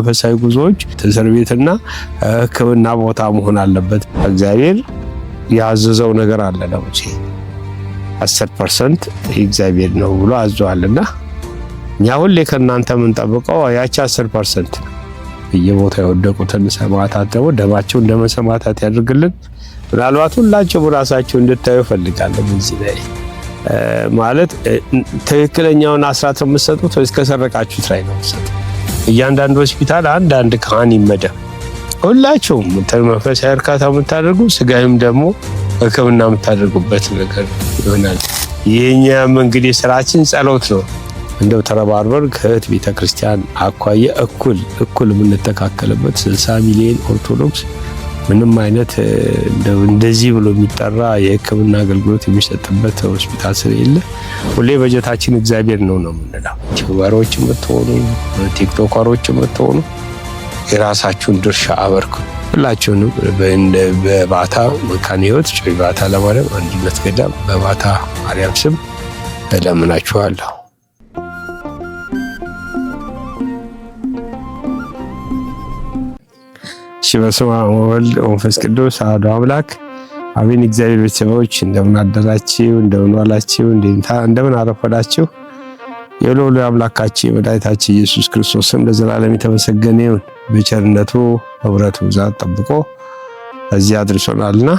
መንፈሳዊ ጉዞዎች እስር ቤትና ሕክምና ቦታ መሆን አለበት። እግዚአብሔር ያዘዘው ነገር አለ። ለሙሴ አስር ፐርሰንት እግዚአብሔር ነው ብሎ አዘዋልና እኛ ሁሌ ከእናንተ የምንጠብቀው ያቺ አስር ፐርሰንት በየቦታ የወደቁትን ሰማዕታት ደግሞ ደማቸው እንደ መሰማዕታት ያደርግልን። ምናልባት ሁላቸው በራሳቸው እንድታዩ እፈልጋለሁ። በዚህ ላይ ማለት ትክክለኛውን አስራት የምትሰጡት ወይስ ከሰረቃችሁት ላይ ነው የምትሰጡት? እያንዳንዱ ሆስፒታል አንድ አንድ ካህን ይመደብ። ሁላቸውም መንፈሳዊ እርካታ የምታደርጉ ስጋዊም ደግሞ ሕክምና የምታደርጉበት ነገር ይሆናል። ይህኛም እንግዲህ ስራችን ጸሎት ነው። እንደው ተረባርበር ከእህት ቤተክርስቲያን አኳየ እኩል እኩል የምንተካከልበት 60 ሚሊዮን ኦርቶዶክስ ምንም አይነት እንደዚህ ብሎ የሚጠራ የሕክምና አገልግሎት የሚሰጥበት ሆስፒታል ስለሌለ ሁሌ በጀታችን እግዚአብሔር ነው ነው የምንለው። ቲክባሮች የምትሆኑ ቲክቶከሮች የምትሆኑ የራሳችሁን ድርሻ አበርኩ። ሁላችሁንም በባታ መካነ ሕይወት ጮይ ባታ ለማርያም አንድነት ገዳም በባታ ማርያም ስም እለምናችኋለሁ። እሺ በስመ አብ ወወልድ ወመንፈስ ቅዱስ አሐዱ አምላክ አሜን። እግዚአብሔር ቤተሰቦች እንደምን አደራችሁ፣ እንደምን ዋላችሁ፣ እንደምን አረፈዳችሁ። የሎሎ አምላካችን የመድኃኒታችን ኢየሱስ ክርስቶስም ለዘላለም የተመሰገነ ይሁን። በቸርነቱ በምሕረቱ ብዛት ጠብቆ እዚህ አድርሶናልና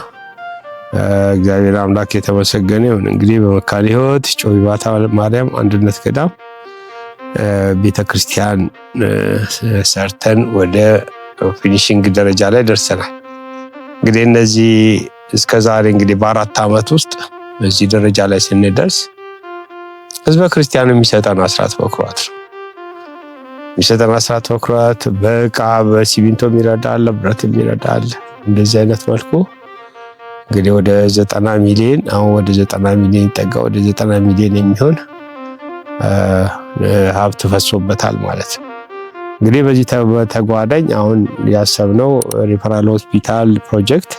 እግዚአብሔር አምላክ የተመሰገነ ይሁን። እንግዲህ በመካነ ሕይወት ጮቢ ባታ ማርያም አንድነት ገዳም ቤተክርስቲያን ሰርተን ወደ ፊኒሽንግ ደረጃ ላይ ደርሰናል። እንግዲህ እነዚህ እስከዛሬ እንግዲህ በአራት ዓመት ውስጥ በዚህ ደረጃ ላይ ስንደርስ ህዝበ ክርስቲያኑ የሚሰጠን አስራት በኩራት ነው የሚሰጠን አስራት በኩራት በእቃ በሲሚንቶ ይረዳል፣ ብረት ይረዳል። እንደዚህ አይነት መልኩ እንግዲህ ወደ ዘጠና ሚሊዮን አሁን ወደ ዘጠና ሚሊዮን ይጠጋ ወደ ዘጠና ሚሊዮን የሚሆን ሀብት ፈሶበታል ማለት ነው። እንግዲህ በዚህ በተጓዳኝ አሁን ያሰብነው ሪፈራል ሆስፒታል ፕሮጀክት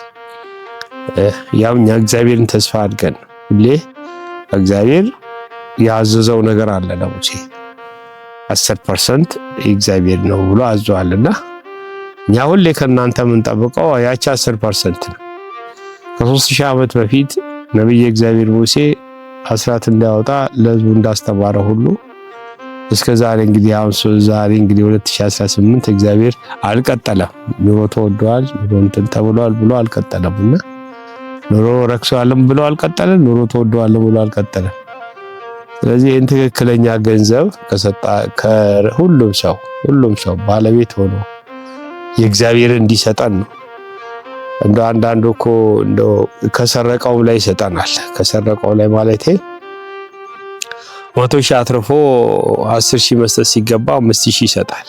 ያው እኛ እግዚአብሔርን ተስፋ አድርገን ሁሌ እግዚአብሔር ያዘዘው ነገር አለ። ለሙሴ አስር ፐርሰንት እግዚአብሔር ነው ብሎ አዟልና እኛ ሁሌ ከእናንተ የምንጠብቀው ያቺ አስር ፐርሰንት ነው። ከሶስት ሺህ ዓመት በፊት ነቢይ እግዚአብሔር ሙሴ አስራት እንዳያወጣ ለህዝቡ እንዳስተማረ ሁሉ እስከ ዛሬ እንግዲህ አሁን ዛሬ እንግዲህ 2018 እግዚአብሔር አልቀጠለም። ኑሮ ተወደዋል፣ ኑሮ እንትን ተብሏል ብሎ አልቀጠለም እና ኑሮ ረክሷልም ብሎ አልቀጠለም፣ ኑሮ ተወደዋልም ብሎ አልቀጠለም። ስለዚህ ይህን ትክክለኛ ገንዘብ ከሰጣ ከሁሉም ሰው ሁሉም ሰው ባለቤት ሆኖ የእግዚአብሔር እንዲሰጠን ነው። እንደ አንዳንዱ እኮ እንደው ከሰረቀውም ላይ ይሰጠናል። ከሰረቀው ላይ ማለቴ መቶ ሺህ አትርፎ አስር ሺህ መስጠት ሲገባ አምስት ሺህ ይሰጣል።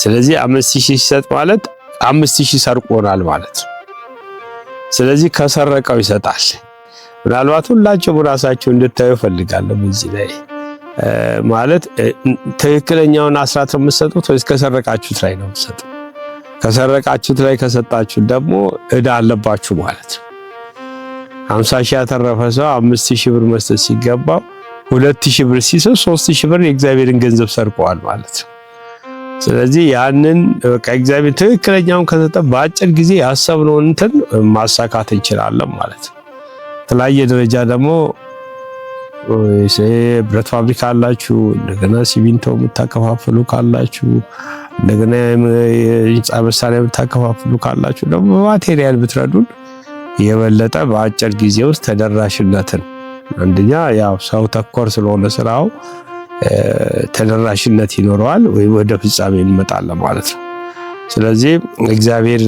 ስለዚህ አምስት ሺህ ሲሰጥ ማለት አምስት ሺህ ሰርቆናል ማለት ነው። ስለዚህ ከሰረቀው ይሰጣል። ምናልባት ሁላችሁም ራሳችሁ እንድታዩ እፈልጋለሁ። በዚህ ላይ ማለት ትክክለኛውን አስራት ነው የምትሰጡት ወይስ ከሰረቃችሁት ላይ ነው የምትሰጡት? ከሰረቃችሁት ላይ ከሰጣችሁት ደግሞ እዳ አለባችሁ ማለት ነው። 50 ሺህ ያተረፈ ሰው አምስት ሺህ ብር መስጠት ሲገባው ሁለት ሺህ ብር ሲስብ ሶስት ሺህ ብር የእግዚአብሔርን ገንዘብ ሰርቀዋል ማለት ነው። ስለዚህ ያንን በቃ እግዚአብሔር ትክክለኛውን ከሰጠ በአጭር ጊዜ ያሰብነውን እንትን ማሳካት እንችላለን ማለት ነው። የተለያየ ደረጃ ደግሞ ብረት ፋብሪካ አላችሁ፣ እንደገና ሲሚንቶ የምታከፋፍሉ ካላችሁ፣ እንደገና የህንፃ መሳሪያ የምታከፋፍሉ ካላችሁ ደግሞ በማቴሪያል ብትረዱን የበለጠ በአጭር ጊዜ ውስጥ ተደራሽነትን አንደኛ ያው ሰው ተኮር ስለሆነ ስራው ተደራሽነት ይኖረዋል ወይም ወደ ፍጻሜ እንመጣለን ማለት ነው። ስለዚህ እግዚአብሔር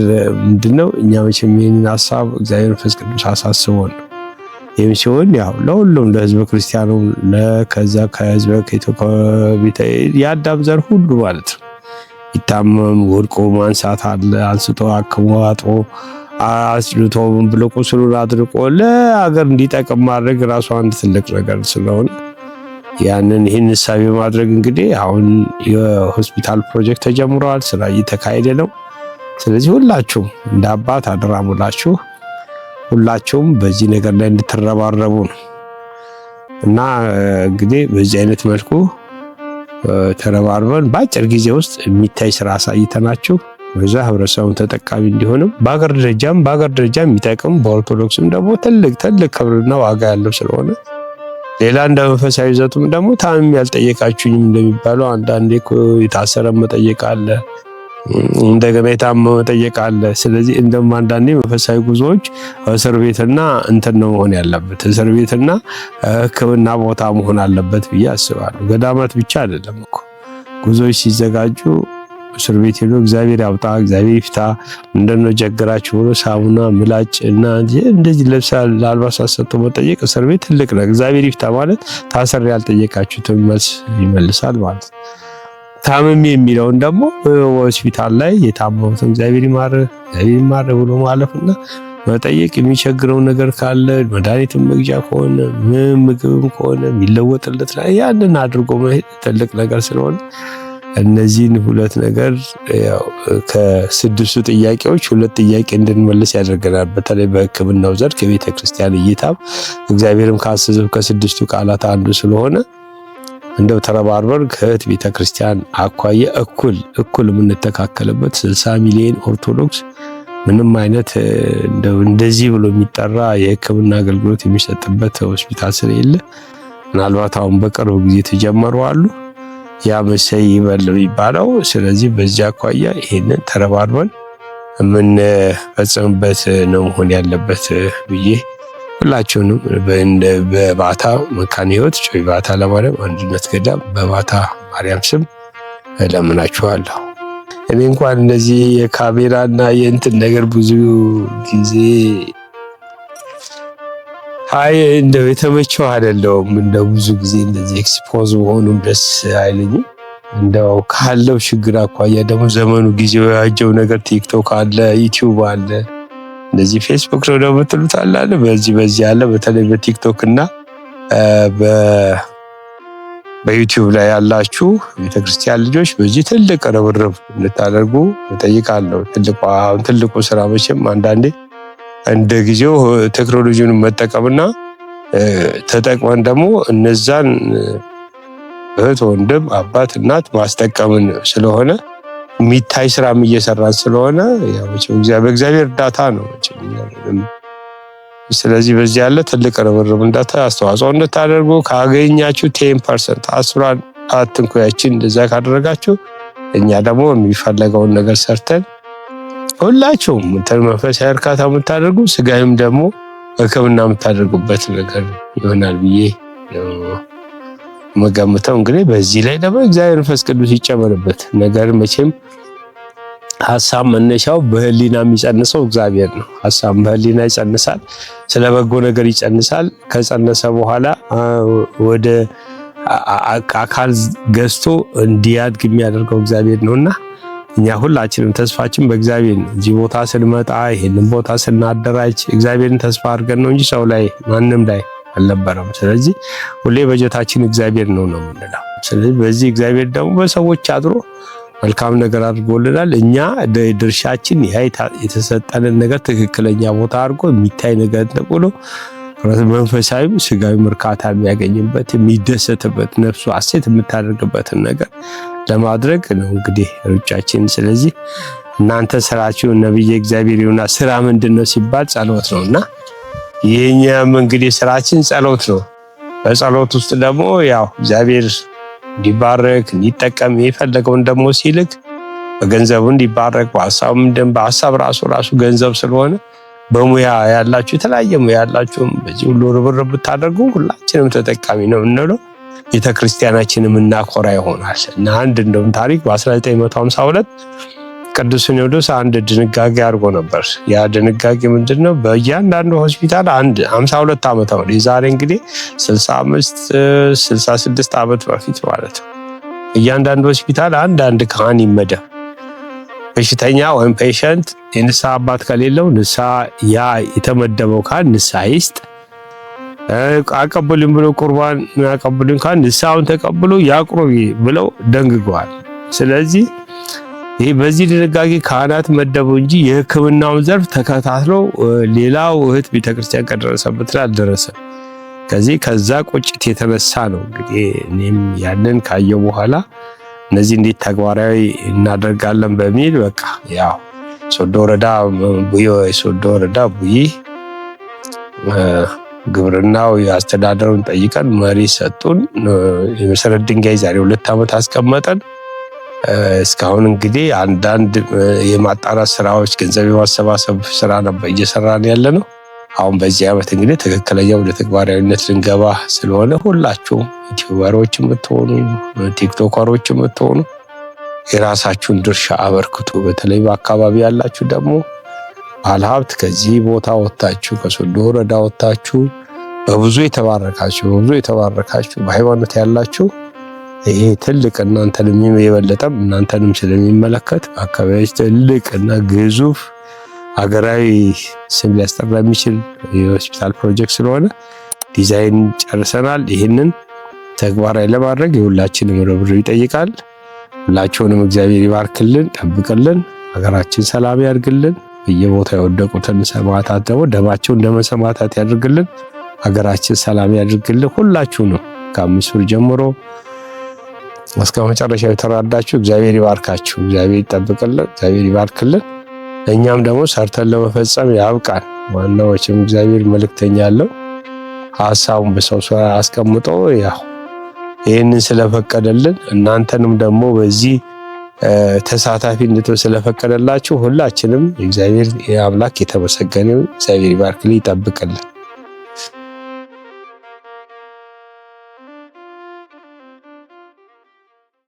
ምንድን እኛ መቼም ይህንን ሀሳብ እግዚአብሔር መንፈስ ቅዱስ አሳስቦን ይህም ሲሆን ያው ለሁሉም ለህዝበ ክርስቲያኑ ለከዛ ከህዝበ ከቤተ የአዳም ዘር ሁሉ ማለት ነው ይታመም ወድቆ ማንሳት አለ አንስቶ አክሞ አጥሮ አጽድቶ ብሎ ቁስሉን አድርቆ ለሀገር እንዲጠቅም ማድረግ ራሱ አንድ ትልቅ ነገር ስለሆነ ያንን ይህን እሳቤ ማድረግ እንግዲህ አሁን የሆስፒታል ፕሮጀክት ተጀምረዋል። ስራ እየተካሄደ ነው። ስለዚህ ሁላችሁም እንደ አባት አደራ ሙላችሁ ሁላችሁም በዚህ ነገር ላይ እንድትረባረቡ ነው እና እንግዲህ በዚህ አይነት መልኩ ተረባርበን በአጭር ጊዜ ውስጥ የሚታይ ስራ አሳይተናችሁ በዛ ህብረተሰቡን ተጠቃሚ እንዲሆንም በሀገር ደረጃም በሀገር ደረጃ የሚጠቅም በኦርቶዶክስም ደግሞ ትልቅ ትልቅ ክብርና ዋጋ ያለው ስለሆነ ሌላ እንደ መንፈሳዊ ይዘቱም ደግሞ ታምም ያልጠየቃችሁኝም እንደሚባለው አንዳንዴ የታሰረ መጠየቅ አለ፣ እንደገና የታመመ መጠየቅ አለ። ስለዚህ እንደም አንዳንዴ መንፈሳዊ ጉዞዎች እስር ቤትና እንትን ነው መሆን ያለበት፣ እስር ቤትና ሕክምና ቦታ መሆን አለበት ብዬ አስባለሁ። ገዳማት ብቻ አይደለም እኮ ጉዞዎች ሲዘጋጁ እስር ቤት ሄዶ እግዚአብሔር ያውጣ፣ እግዚአብሔር ይፍታ፣ እንደነ ጀግራችሁ ብሎ ሳሙና፣ ምላጭ እና እንደዚህ ለብሳ ለአልባሳት ሰጥቶ መጠየቅ እስር ቤት ትልቅ ነው። እግዚአብሔር ይፍታ ማለት ታሰር ያልጠየቃችሁትን መልስ ይመልሳል ማለት ነው። ታመሜ የሚለውን ደግሞ ሆስፒታል ላይ የታመሙትን እግዚአብሔር ይማር እግዚአብሔር ይማር ብሎ ማለፍና መጠየቅ የሚቸግረው ነገር ካለ መድኃኒትም መግዣ ከሆነ ምን ምግብም ከሆነ የሚለወጥለት ላይ ያንን አድርጎ መሄድ ትልቅ ነገር ስለሆነ እነዚህን ሁለት ነገር ከስድስቱ ጥያቄዎች ሁለት ጥያቄ እንድንመልስ ያደርገናል። በተለይ በሕክምናው ዘርፍ የቤተ ክርስቲያን እይታም እግዚአብሔርም ካዘዘው ከስድስቱ ቃላት አንዱ ስለሆነ እንደው ተረባርበር ከእህት ቤተ ክርስቲያን አኳየ እኩል እኩል የምንተካከልበት 60 ሚሊዮን ኦርቶዶክስ ምንም አይነት እንደዚህ ብሎ የሚጠራ የሕክምና አገልግሎት የሚሰጥበት ሆስፒታል ስለሌለ ምናልባት አሁን በቅርብ ጊዜ ተጀመሩ አሉ ያበሰይ ይበል የሚባለው። ስለዚህ በዚህ አኳያ ይሄንን ተረባርበን የምንፈጽምበት ነው መሆን ያለበት ብዬ ሁላችሁንም በባታ መካነ ሕይወት ጮቢ ባታ ለማርያም አንድነት ገዳም በባታ ማርያም ስም እለምናችኋለሁ። እኔ እንኳን እንደዚህ የካሜራና የእንትን ነገር ብዙ ጊዜ አይ እንደ የተመቸው አይደለውም። እንደ ብዙ ጊዜ እንደዚህ ኤክስፖዝ መሆኑም ደስ አይለኝም። እንደው ካለው ችግር አኳያ ደግሞ ዘመኑ ጊዜው የዋጀው ነገር ቲክቶክ አለ፣ ዩቲዩብ አለ፣ እንደዚህ ፌስቡክ ነው ደግሞ ትሉት አለ አለ በዚህ በዚህ አለ። በተለይ በቲክቶክ እና በዩቲዩብ ላይ ያላችሁ ቤተክርስቲያን ልጆች በዚህ ትልቅ ርብርብ እንድታደርጉ እጠይቃለሁ። ትልቁ ስራ መቼም አንዳንዴ እንደ ጊዜው ቴክኖሎጂውን መጠቀምና ተጠቅመን ደግሞ እነዛን እህት ወንድም፣ አባት፣ እናት ማስጠቀምን ስለሆነ የሚታይ ስራም እየሰራን ስለሆነ በእግዚአብሔር እርዳታ ነው። ስለዚህ በዚህ ያለ ትልቅ ርብርብ እንዳታ አስተዋጽኦ እንድታደርጉ ካገኛችሁ ቴን ፐርሰንት አስራን አትንኩያችን እንደዛ ካደረጋችሁ እኛ ደግሞ የሚፈለገውን ነገር ሰርተን ሁላችሁም መንፈሳዊ እርካታ የምታደርጉ ስጋይም ደግሞ ሕክምና የምታደርጉበት ነገር ይሆናል ብዬ ነው መገምተው። እንግዲህ በዚህ ላይ ደግሞ እግዚአብሔር መንፈስ ቅዱስ ይጨመርበት። ነገር መቼም ሀሳብ መነሻው በህሊና የሚጸንሰው እግዚአብሔር ነው። ሀሳብ በህሊና ይጸንሳል፣ ስለ በጎ ነገር ይጸንሳል። ከጸነሰ በኋላ ወደ አካል ገዝቶ እንዲያድግ የሚያደርገው እግዚአብሔር ነውና እኛ ሁላችንም ተስፋችን በእግዚአብሔር ነው። እዚህ ቦታ ስንመጣ ይህንን ቦታ ስናደራጅ እግዚአብሔርን ተስፋ አድርገን ነው እንጂ ሰው ላይ ማንም ላይ አልነበረም። ስለዚህ ሁሌ በጀታችን እግዚአብሔር ነው ነው የምንለው። ስለዚህ በዚህ እግዚአብሔር ደግሞ በሰዎች አድሮ መልካም ነገር አድርጎልናል። እኛ ድርሻችን የተሰጠንን ነገር ትክክለኛ ቦታ አድርጎ የሚታይ ነገር ብሎ መንፈሳዊ ስጋዊ እርካታ የሚያገኝበት የሚደሰትበት ነፍሱ አሴት የምታደርግበትን ነገር ለማድረግ ነው እንግዲህ ሩጫችን። ስለዚህ እናንተ ስራችሁ ነብይ እግዚአብሔር ይሁና ስራ ምንድን ነው ሲባል ጸሎት ነው እና ይህኛም እንግዲህ ስራችን ጸሎት ነው። በጸሎት ውስጥ ደግሞ ያው እግዚአብሔር እንዲባረክ እንዲጠቀም የፈለገውን ደግሞ ሲልክ በገንዘቡ እንዲባረክ በሀሳቡም ምንድን በሀሳብ ራሱ ራሱ ገንዘብ ስለሆነ በሙያ ያላችሁ የተለያየ ሙያ ያላችሁም በዚህ ሁሉ ርብርብ ብታደርጉ ሁላችንም ተጠቃሚ ነው የምንለው። ቤተ ክርስቲያናችንም እናኮራ ይሆናል እና አንድ እንደውም ታሪክ በ1952 ቅዱስ ሲኖዶስ አንድ ድንጋጌ አድርጎ ነበር። ያ ድንጋጌ ምንድን ነው? በእያንዳንዱ ሆስፒታል አንድ 52 ዓመት ነው የዛሬ እንግዲህ 65 66 ዓመት በፊት ማለት ነው። እያንዳንዱ ሆስፒታል አንድ አንድ ካህን ይመደብ። በሽተኛ ወይም ፔሸንት የንስሐ አባት ከሌለው ንስሐ ያ የተመደበው ካህን ንስሐ ይስጥ። አቀብልን ብሎ ቁርባን አቀብልን ካን ንስሐውን ተቀብሎ ያቁርብ ብለው ደንግገዋል። ስለዚህ ይህ በዚህ ድንጋጌ ካህናት መደቡ እንጂ የሕክምናውን ዘርፍ ተከታትሎ ሌላው እህት ቤተክርስቲያን ከደረሰበት ላይ አልደረሰም። ከዚህ ከዛ ቁጭት የተነሳ ነው እንግዲህ እኔም ያንን ካየው በኋላ እነዚህ እንዴት ተግባራዊ እናደርጋለን በሚል በቃ ያው ሶዶ ወረዳ ቡዬ ሶዶ ወረዳ ቡዬ ግብርናው አስተዳደሩን ጠይቀን መሪ ሰጡን። የመሰረት ድንጋይ ዛሬ ሁለት ዓመት አስቀመጠን። እስካሁን እንግዲህ አንዳንድ የማጣራት ስራዎች፣ ገንዘብ የማሰባሰብ ስራ ነበር እየሰራን ያለ ነው። አሁን በዚህ ዓመት እንግዲህ ትክክለኛ ወደ ተግባራዊነት ልንገባ ስለሆነ ሁላችሁም ዩቲዩበሮች የምትሆኑ ቲክቶከሮች የምትሆኑ የራሳችሁን ድርሻ አበርክቱ። በተለይ በአካባቢ ያላችሁ ደግሞ ባለሀብት ከዚህ ቦታ ወጥታችሁ ከሶዶ ወረዳ ወጥታችሁ በብዙ የተባረካችሁ በብዙ የተባረካችሁ በሃይማኖት ያላችሁ ይሄ ትልቅ እናንተንም የበለጠም እናንተንም ስለሚመለከት በአካባቢዎች ትልቅ እና ግዙፍ ሀገራዊ ስም ሊያስጠራ የሚችል የሆስፒታል ፕሮጀክት ስለሆነ ዲዛይን ጨርሰናል። ይህንን ተግባራዊ ለማድረግ የሁላችንም ርብርብ ይጠይቃል። ሁላችሁንም እግዚአብሔር ይባርክልን፣ ጠብቅልን፣ ሀገራችን ሰላም ያድርግልን። በየቦታ የወደቁትን ሰማዕታት ደግሞ ደማቸው እንደ መሰማዕታት ያድርግልን። ሀገራችን ሰላም ያድርግልን። ሁላችሁ ነው ከአምስት ብር ጀምሮ እስከ መጨረሻ የተራዳችሁ እግዚአብሔር ይባርካችሁ፣ እግዚአብሔር ይጠብቅልን፣ እግዚአብሔር ይባርክልን። እኛም ደግሞ ሰርተን ለመፈጸም ያብቃን። ዋናዎችም እግዚአብሔር መልእክተኛ አለው ሀሳቡን በሰው አስቀምጦ ያው ይህንን ስለፈቀደልን እናንተንም ደግሞ በዚህ ተሳታፊ እንድትሆን ስለፈቀደላችሁ ሁላችንም እግዚአብሔር አምላክ የተመሰገነ እግዚአብሔር ይባርክልን ይጠብቅልን።